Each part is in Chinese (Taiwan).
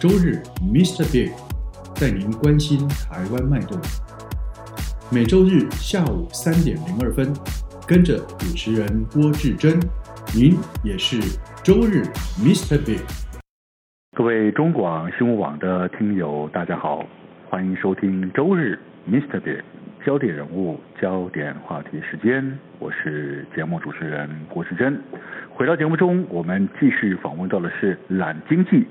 周日，Mr. Big 帶您關心台灣脈動。每周日下午三點零二分，跟着主持人郭志珍，您也是周日，Mr. Big。各位中廣新聞網的聽友，大家好，歡迎收聽周日，Mr. Big，焦點人物、焦點話題時間，我是節目主持人郭志珍。回到節目中，我們繼續訪問到的是懶經濟。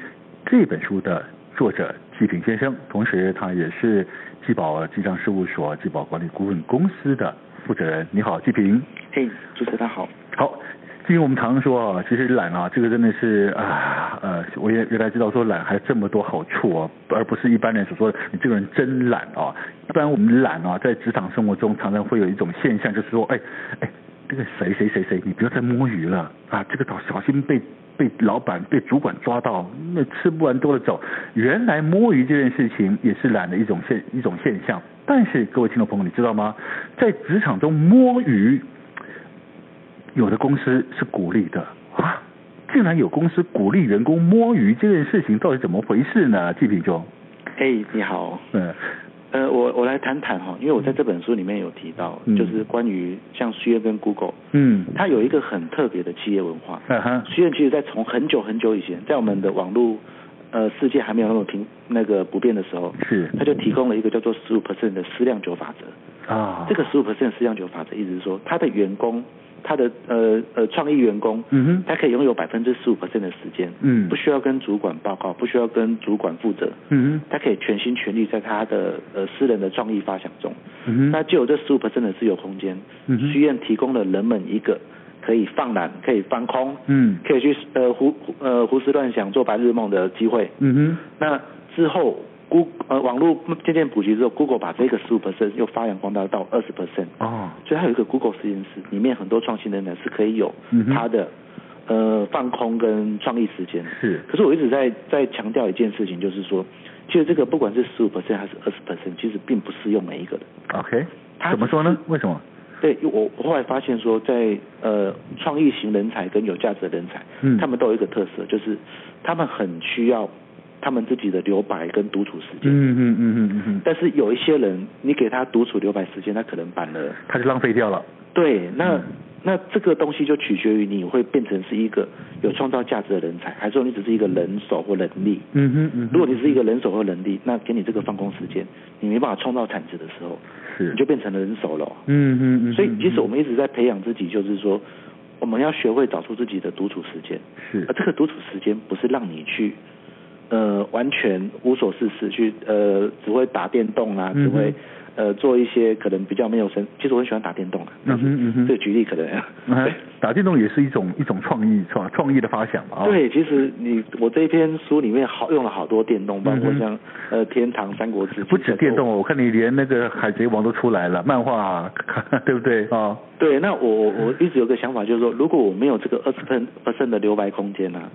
這本書的作者紀坪先生，同時他也是季保際商事務所季保管理顧問公司的負責人。你好，紀坪。嘿，主持人好。好，今天我們常常說啊，其實懶啊，這個真的是啊，呃，我也原來知道說懶還這麼多好處啊，而不是一般人所說的你這個人真懶啊。一般我們懶啊，在職場生活中常常會有一種現象，就是說，哎哎，這個誰誰誰誰，你不要再摸魚了啊，這個倒小心被。被老板，被主管抓到，那吃不完兜著走。原來摸魚這件事情也是懶的一種現一種現象。但是各位聽眾朋友，你知道嗎？在職場中摸魚，有的公司是鼓勵的啊！竟然有公司鼓勵員工摸魚這件事情，到底怎麼回事呢？紀坪兄，嘿、hey,，你好，嗯。呃，我我來談談哈，因為我在這本書裡面有提到，嗯、就是關於像微軟跟 Google，嗯，它有一個很特別的企業文化。嗯、啊、哼，雖然其實在從很久很久以前，在我們的網絡。呃，世界還沒有那麼平，那個不變的時候，是他就提供了一個叫做十五%的私釀酒法則啊。這個十五%私釀酒法則意思是說，他的員工，他的呃呃創意員工，嗯哼，他可以擁有百分之十五的時間，嗯，不需要跟主管報告，不需要跟主管負責，嗯哼，他可以全心全力在他的呃私人的創意發想中，嗯哼，那就有這十五%的自由空間，嗯哼，居然提供了人們一個，可以放懶，可以放空，嗯，可以去呃胡呃胡思亂想、做白日夢的機會，嗯哼。那之後，Google 呃網絡漸漸普及之後，Google 把這個十五 percent 又發揚光大到二十 percent。哦，所以它有一個 Google 實驗室，裡面很多創新人才是可以有他的、嗯、呃放空跟創意時間。是。可是我一直在在強調一件事情，就是說，其實這個不管是十五 percent 還是二十 percent，其實並不適用每一個人。OK，它怎麼說呢？為什麼？對，我我後來發現說在，在呃創意型人才跟有價值的人才，嗯，他們都有一個特色，就是他們很需要他們自己的留白跟獨處時間。嗯嗯嗯嗯嗯，但是有一些人，你給他獨處留白時間，他可能反而，他就浪費掉了。對，那。嗯那這個東西就取決於你會變成是一個有創造價值的人才，還是說你只是一個人手或人力？嗯嗯。如果你是一個人手或人力，那給你這個放空時間，你沒辦法創造產值的時候，你就變成了人手了哦。嗯嗯。所以，即使我們一直在培養自己，就是說，我們要學會找出自己的獨處時間。是。而這個獨處時間不是讓你去，呃，完全無所事事去，呃，只會打電動啊，只會。嗯呃，做一些可能比較沒有生，其實我很喜歡打電動啊。嗯嗯嗯，這個、嗯、舉例可能、嗯。打電動也是一種一種創意，創創意的發想嘛。對、哦，其實你我這一篇書裡面好用了好多電動，包括像、嗯、呃《天堂三國志》。不止電動，我看你連那個《海賊王》都出來了，嗯、漫畫 對不對？啊、哦，對。那我、嗯、我一直有個想法，就是說，如果我沒有這個二十分不剩的留白空間呢、啊？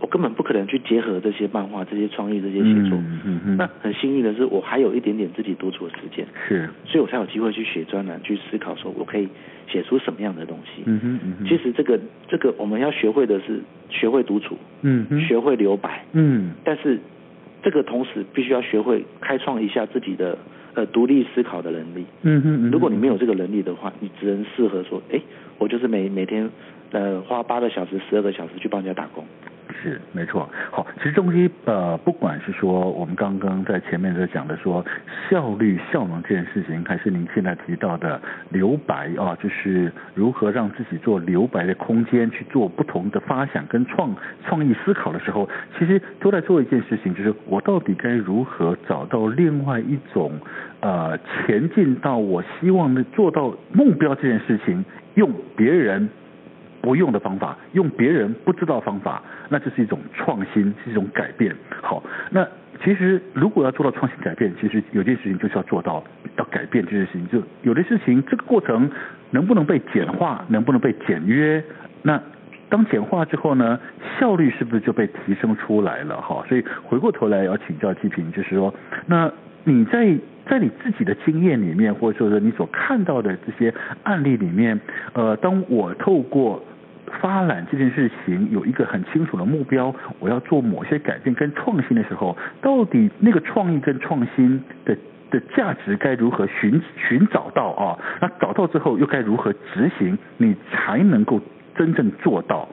我根本不可能去結合這些漫畫、這些創意、這些寫作。嗯嗯,嗯那很幸運的是，我還有一點點自己獨處的時間。是。所以我才有機會去寫專欄，去思考說我可以寫出什麼樣的東西。嗯嗯,嗯其實這個這個我們要學會的是學會獨處。嗯,嗯學會留白嗯。嗯。但是這個同時必須要學會開創一下自己的呃獨立思考的能力。嗯嗯,嗯如果你沒有這個能力的話，你只能適合說哎、欸、我就是每每天呃花八個小時、十二個小時去幫人家打工。是，沒錯。好，其實東西呃，不管是說我們剛剛在前面在講的說效率效能這件事情，還是您現在提到的留白啊，就是如何讓自己做留白的空間，去做不同的發想跟創創意思考的時候，其實都在做一件事情，就是我到底該如何找到另外一種呃前進到我希望的做到目標這件事情，用別人不用的方法，用別人不知道方法，那就是一種創新，是一種改變。好，那其實如果要做到創新改變，其實有件事情就是要做到，要改變這些事情。就有的事情，這個過程能不能被簡化，能不能被簡約？那當簡化之後呢，效率是不是就被提升出來了？哈，所以回過頭來要請教紀坪，就是說，那你在在你自己的經驗裡面，或者說是你所看到的這些案例裡面，呃，當我透過發展這件事情有一個很清楚的目標，我要做某些改變跟創新的時候，到底那個創意跟創新的的價值該如何尋尋找到啊？那找到之後又該如何執行，你才能夠真正做到？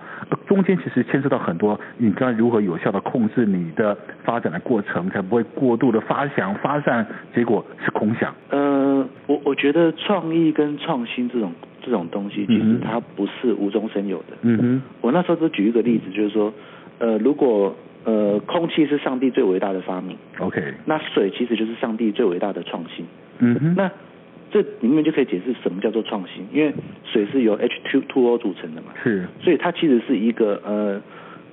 中間其實牽涉到很多，你該如何有效的控制你的發展的過程，才不會過度的發想發散，結果是空想。呃，我我覺得創意跟創新這種這種東西，其實它不是無中生有的。嗯哼，我那時候就舉一個例子，就是說，呃，如果呃空氣是上帝最偉大的發明，OK，那水其實就是上帝最偉大的創新。嗯哼，那。這裡面就可以解釋什麼叫做創新，因為水是由 H2O 組成的嘛，是，所以它其實是一個呃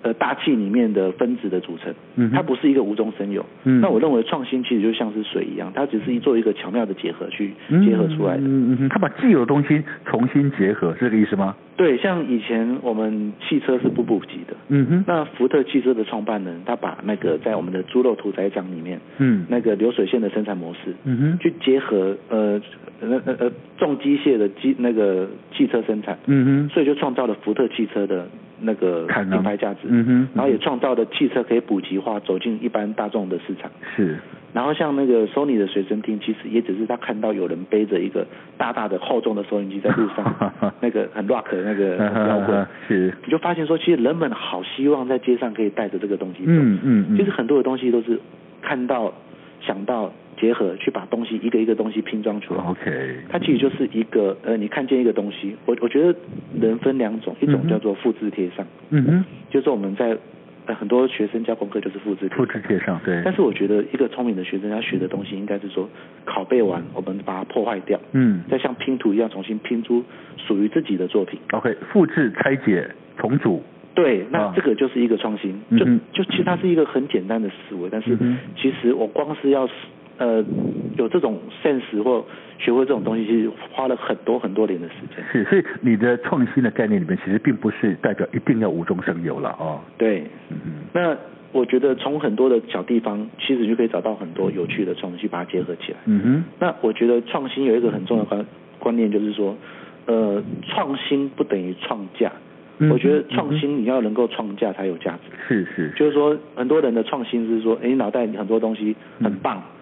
呃大氣裡面的分子的組成，嗯，它不是一個無中生有，嗯，那我認為創新其實就像是水一樣，它只是一做一個巧妙的結合去結合出來的，嗯嗯嗯，它、嗯嗯、把既有的東西重新結合，是這個意思嗎？對，像以前我們汽車是不普及的，嗯哼，那福特汽車的創辦人，他把那個在我們的豬肉屠宰場裡面，嗯，那個流水線的生產模式，嗯哼，去結合呃，那呃呃重機械的機那個汽車生產，嗯哼，所以就創造了福特汽車的。那個品牌價值，嗯哼，然後也創造了汽車可以普及化，嗯，走進一般大眾的市場。是，然後像那個 Sony 的隨身聽，其實也只是他看到有人背着一個大大的厚重的收音機在路上， 那個很 rock 的那個搖滾， 是，你就發現說，其實人們好希望在街上可以帶着這個東西走。嗯嗯就，嗯、其實很多的東西都是看到。想到結合去把東西一個一個東西拼裝出來。OK，它其實就是一個呃，你看見一個東西，我我覺得人分兩種、嗯，一種叫做複制貼上，嗯嗯，就是我們在、呃、很多學生交功課就是複制。複制貼上，對。但是我覺得一個聰明的學生要學的東西應該是說，拷貝完我們把它破壞掉，嗯，再像拼圖一樣重新拼出屬於自己的作品。OK，複制拆解重組。嗯對，那這個就是一個創新，哦、就就其實它是一個很簡單的思維、嗯，但是其實我光是要呃有這種 sense 或學會這種東西，其實花了很多很多年的時間。是，所以你的創新的概念裡面，其實並不是代表一定要無中生有了啊、哦。對、嗯，那我覺得從很多的小地方，其實就可以找到很多有趣的創新，把它結合起來。嗯哼。那我覺得創新有一個很重要的觀，觀念，就是說，呃，創新不等於創價。 我覺得創新你要能夠創價才有價值。 是是，就是說很多人的創新是說，誒，你腦袋裡很多東西很棒。 嗯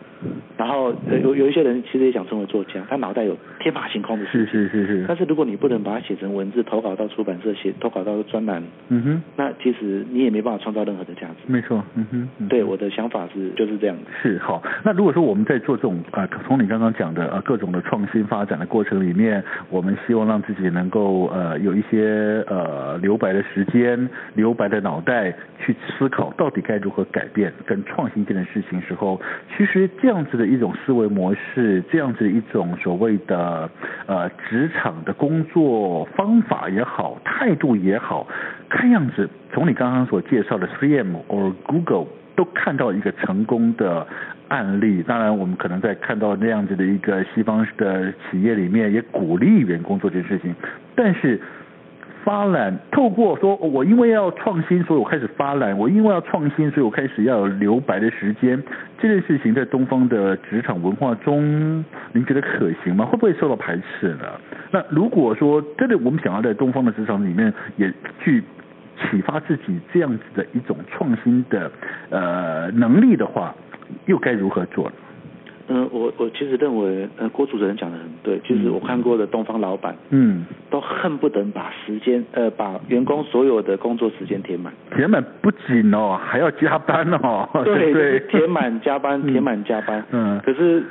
然後有有一些人其實也想成為作家，他腦袋有天馬行空的事情，是是是是，但是如果你不能把它寫成文字，投稿到出版社寫，投稿到專欄，嗯哼，那其實你也沒辦法創造任何的價值。沒錯，嗯哼，嗯哼，對，我的想法是就是這樣子。是好，那如果說我們在做這種啊、呃，從你剛剛講的啊、呃、各種的創新發展的過程裡面，我們希望讓自己能夠呃有一些呃留白的時間，留白的腦袋去思考到底該如何改變跟創新這件事情時候，其實這樣子的。一種思維模式，這樣子一種所謂的呃職場的工作方法也好，態度也好，看樣子從你剛剛所介紹的 C M or Google 都看到一個成功的案例。當然，我們可能在看到那樣子的一個西方的企業裡面，也鼓勵員工做這件事情，但是。發懶，透過說，我因為要創新，所以我開始發懶。我因為要創新，所以我開始要有留白的時間。這件事情在東方的職場文化中，您覺得可行嗎？會不會受到排斥呢？那如果說真的我們想要在東方的職場裡面也去啟發自己這樣子的一種創新的呃能力的話，又該如何做？嗯，我我其實認為，呃，郭主持人講的很對，嗯，就是我看過的東方老板，嗯，都恨不得把時間，呃，把員工所有的工作時間填滿，填滿不僅哦，還要加班哦，對對，就是，填滿加班，嗯，填滿加班，嗯，可是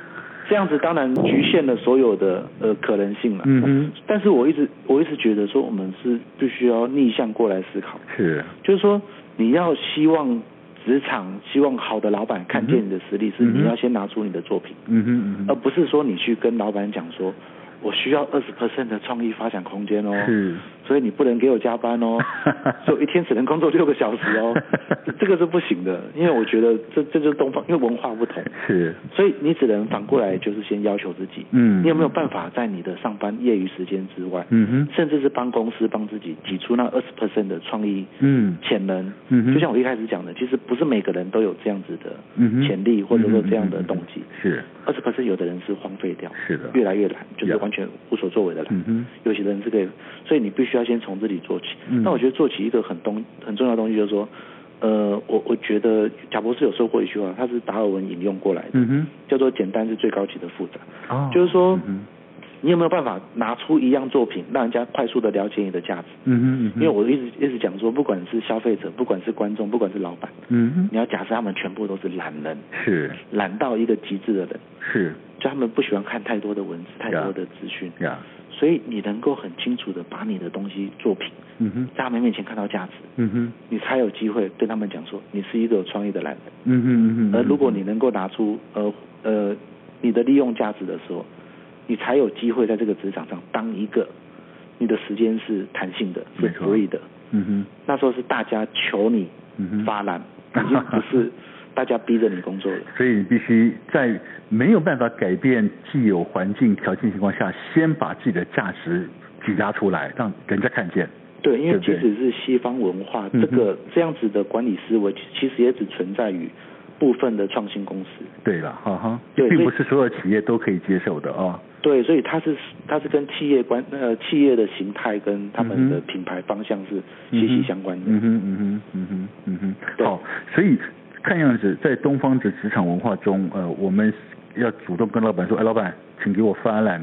這樣子當然局限了所有的呃可能性了，嗯嗯，但是我一直我一直覺得說，我們是必須要逆向過來思考，是，就是說你要希望。職場希望好的老闆看見你的實力是，你要先拿出你的作品，嗯嗯嗯、而不是說你去跟老闆講說，我需要二十%的創意發展空間哦。所以你不能給我加班哦，所以一天只能工作六個小時哦，這個是不行的，因為我覺得這這就是東方，因為文化不同。是。所以你只能反過來，就是先要求自己。嗯。你有沒有辦法在你的上班業餘時間之外，嗯哼，甚至是幫公司幫自己擠出那二十 percent 的創意，嗯，潛能，嗯哼，就像我一開始講的，其實不是每個人都有這樣子的，嗯潛力或者說這樣的動機，是。二十 percent 有的人是荒廢掉，是的，越來越懶，就是完全無所作為的懶，嗯有些人是可以。所以你必須。要先從這裡做起，嗯，那我覺得做起一個很東很重要的東西就是說，呃，我我覺得賈博士有說過一句話，他是達爾文引用過來的，嗯哼，叫做簡單是最高級的複雜。啊、哦，就是說，嗯，你有沒有辦法拿出一樣作品讓人家快速的了解你的價值？嗯，嗯，因為我一直一直講說，不管是消費者，不管是觀眾，不管是老闆，嗯哼，你要假設他們全部都是懶人，是懶到一個極致的人，是，就他們不喜歡看太多的文字，太多的資訊，yeah, yeah. 所以你能夠很清楚的把你的東西作品，在他們面前看到價值，你才有機會跟他們講說，你是一個有創意的懶人。而如果你能夠拿出呃呃你的利用價值的時候，你才有機會在這個職場上當一個，你的時間是彈性的，是 free 的。嗯哼。那時候是大家求你發懶，嗯，不是。大家逼着你工作的，所以你必須在沒有辦法改變既有環境條件情況下，先把自己的價值表達出來，讓人家看見。對，因為對對即使是西方文化、嗯，這個這樣子的管理思維，其實也只存在於部分的創新公司。對了，哈、啊、哈，對，並不是所有企業都可以接受的啊。對，所以它是它是跟企業關呃企業的形態跟他們的品牌方向是息息相關的。嗯哼嗯哼嗯哼嗯哼，好，所以。看樣子，在東方的職場文化中，呃，我們要主動跟老板說：“哎，老板，請給我發懶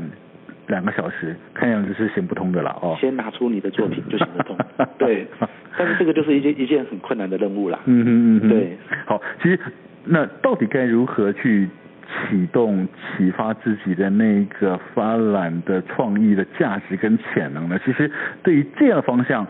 兩個小時。”看樣子是行不通的了哦。先拿出你的作品就行不通， 對。但是這個就是一件一件很困難的任務了。嗯哼嗯嗯嗯。對。好，其實那到底該如何去啟動、啟發自己的那一個發懶的創意的價值跟潛能呢？其實對於這樣的方向。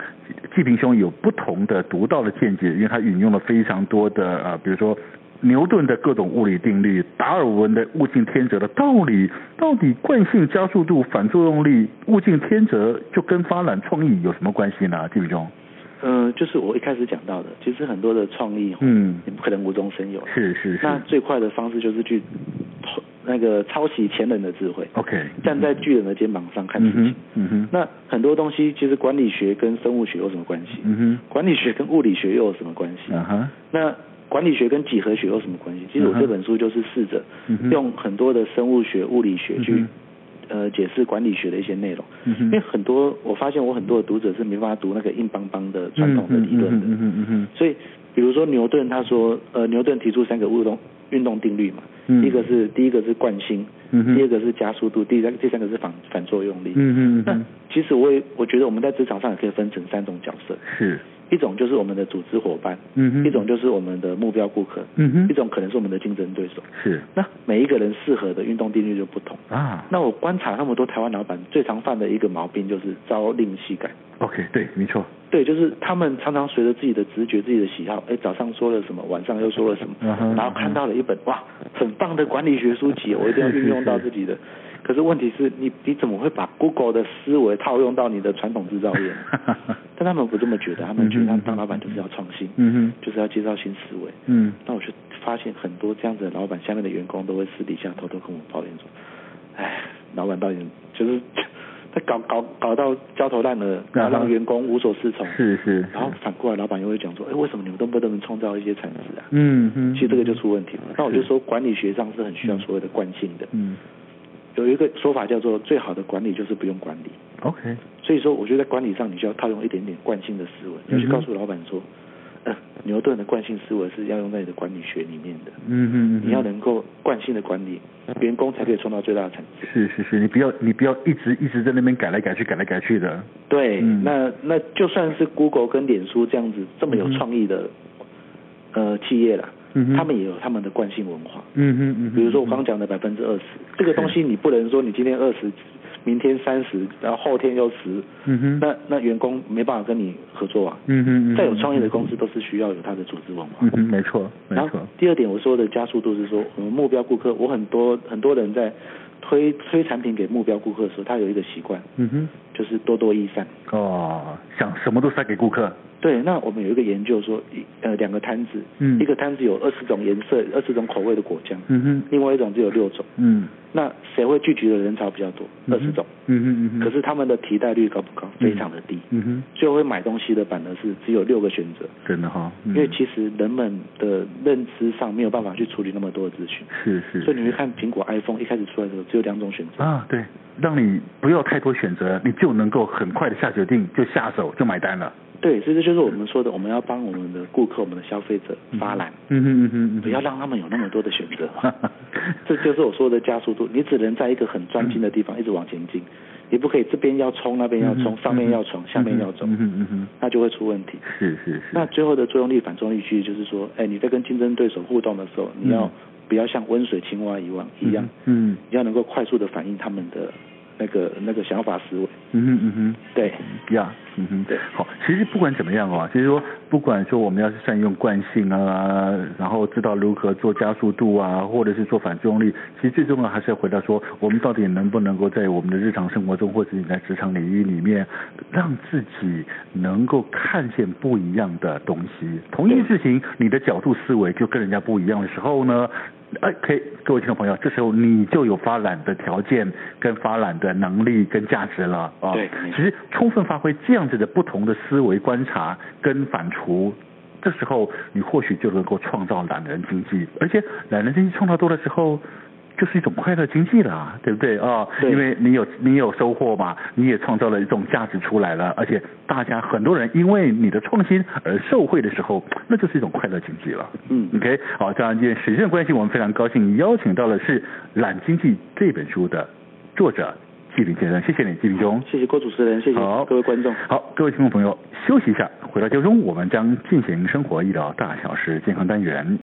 紀坪兄有不同的獨到的見解，因為他引用了非常多的啊，比如說牛頓的各種物理定律，達爾文的物競天擇的道理，到底慣性加速度、反作用力、物競天擇，就跟發展創意有什麼關係呢？紀坪兄，嗯、呃，就是我一開始講到的，其實很多的創意，嗯，你不可能無中生有了，是是是，那最快的方式就是去。那個抄襲前人的智慧，OK，站在巨人的肩膀上看事情，嗯，那很多東西其實管理學跟生物學有什麼關係？嗯，管理學跟物理學又有什麼關係？啊，那管理學跟幾何學有什麼關係？其實我這本書就是試着用很多的生物學、物理學去呃解釋管理學的一些內容，因為很多我發現我很多的讀者是沒辦法讀那個硬邦邦的傳統的理論的，嗯嗯，所以比如說牛頓他說呃，牛頓提出三個運動。運動定律嘛，一個是第一個是慣性，嗯，第二個是加速度，第三第三個是反反作用力。那嗯嗯其實我也我覺得我們在職場上也可以分成三種角色。是。一種就是我們的組織夥伴，嗯，一種就是我們的目標顧客，嗯，一種可能是我們的競爭對手，是。那每一個人適合的運動定律就不同啊。那我觀察那麼多台灣老闆，最常犯的一個毛病就是朝令夕改。OK，對，沒錯。對，就是他們常常隨着自己的直覺、自己的喜好，哎，早上說了什麼，晚上又說了什麼，uh-huh, 然後看到了一本，uh-huh. 哇，很棒的管理學書籍，我一定要運用到自己的。是是是。可是問題是你你怎麼會把 Google 的思維套用到你的傳統製造業呢？ 但他們不這麼覺得，他們覺得當老板就是要創新， 就是要介紹新思維。嗯。那我就發現很多這樣子的老板下面的員工都會私底下偷偷跟我抱怨說：“哎，老板到底就是他 搞搞搞到焦頭爛額， 讓員工無所適從。 ”是是，是。然後反過來，老板又會講說：“哎，為什麼你們都不能創造一些產值啊？”嗯 其實這個就出問題了。那我就說管理學上是很需要所謂的慣性的。 是是嗯。有一個說法叫做最好的管理就是不用管理。OK，所以說我覺得在管理上你就要套用一點點慣性的思維，要、嗯、去告訴老板說，呃、牛頓的慣性思維是要用在你的管理學裡面的。嗯哼嗯嗯。你要能夠慣性的管理，員工才可以創造最大的產值。是是是，你不要你不要一直一直在那邊改來改去改來改去的。對，嗯、那那就算是 Google 跟臉書這樣子這麼有創意的、嗯、呃企業啦。嗯，他們也有他們的慣性文化。嗯嗯嗯，比如說我剛講的百分之二十，這個東西你不能說你今天二十，明天三十，然後後天又十。嗯哼，那那員工沒辦法跟你合作啊。嗯哼嗯哼，再有創業的公司都是需要有他的組織文化。嗯哼，嗯哼嗯哼，沒錯，沒錯。然後第二點我說的加速度是說我們目標顧客，我很多很多人在。推推產品給目標顧客的時候，他有一個習慣，嗯哼，就是多多益善。哦，想什麼都塞給顧客。對，那我們有一個研究說，一呃兩個攤子，嗯，一個攤子有二十種顏色、二十種口味的果醬，嗯哼，另外一種只有六種，嗯，那誰會聚集的人潮比較多？二十種，嗯嗯，嗯，可是他們的替代率高不高？非常的低，嗯哼，最、嗯、後會買東西的反而是只有六個選擇。真的哈、哦嗯，因為其實人們的認知上沒有辦法去處理那麼多的資訊，是是，是，所以你會看蘋果 iPhone 一開始出來的時候。就兩種選擇啊，對，讓你不要太多選擇，你就能夠很快地下決定，就下手就買單了。對，所以這就是我們說的，我們要幫我們的顧客、我們的消費者發懶，嗯嗯哼嗯嗯，不要讓他們有那麼多的選擇。 這就是我說的加速度，你只能在一個很專精的地方一直往前進，你不可以這邊要衝，那邊要衝，上面要衝，下面要，下面要走，那就會出問題。是是是。那最後的作用力反作用力去，就是說，哎，你在跟競爭對手互動的時候，你要不要像溫水青蛙一樣一樣，嗯，你要能夠快速的反映他們的那個那個想法思維。嗯哼嗯哼，對，樣嗯哼，對、嗯。好，其實不管怎麼樣啊，其實說。不管說我們要是善用慣性啊，然後知道如何做加速度啊，或者是做反作用力，其實最重要還是要回到說，我們到底能不能夠在我們的日常生活中，或者是在職場領域裡面，讓自己能夠看見不一樣的東西。同一件事情，你的角度思維就跟人家不一樣的時候呢，哎，可以，各位聽眾朋友，這時候你就有發展的條件、跟發展的能力、跟價值了啊。對啊，其實充分發揮這樣子的不同的思維觀察跟反出，圖，這時候你或許就能夠創造懶人經濟，而且懶人經濟創造多的時候，就是一種快樂經濟了，對不對啊、哦？對。因為你有你有收穫嘛，你也創造了一種價值出來了，而且大家很多人因為你的創新而受惠的時候，那就是一種快樂經濟了。嗯。OK，好，這樣君，時間關係，我們非常高興邀請到的是《懶經濟》這本書的作者，紀坪先生，謝謝你，紀坪兄。謝謝郭主持人，謝謝各位觀眾。好，各位聽眾朋、朋友，休息一下，回到節目中，我們將進行生活醫療大小事健康單元。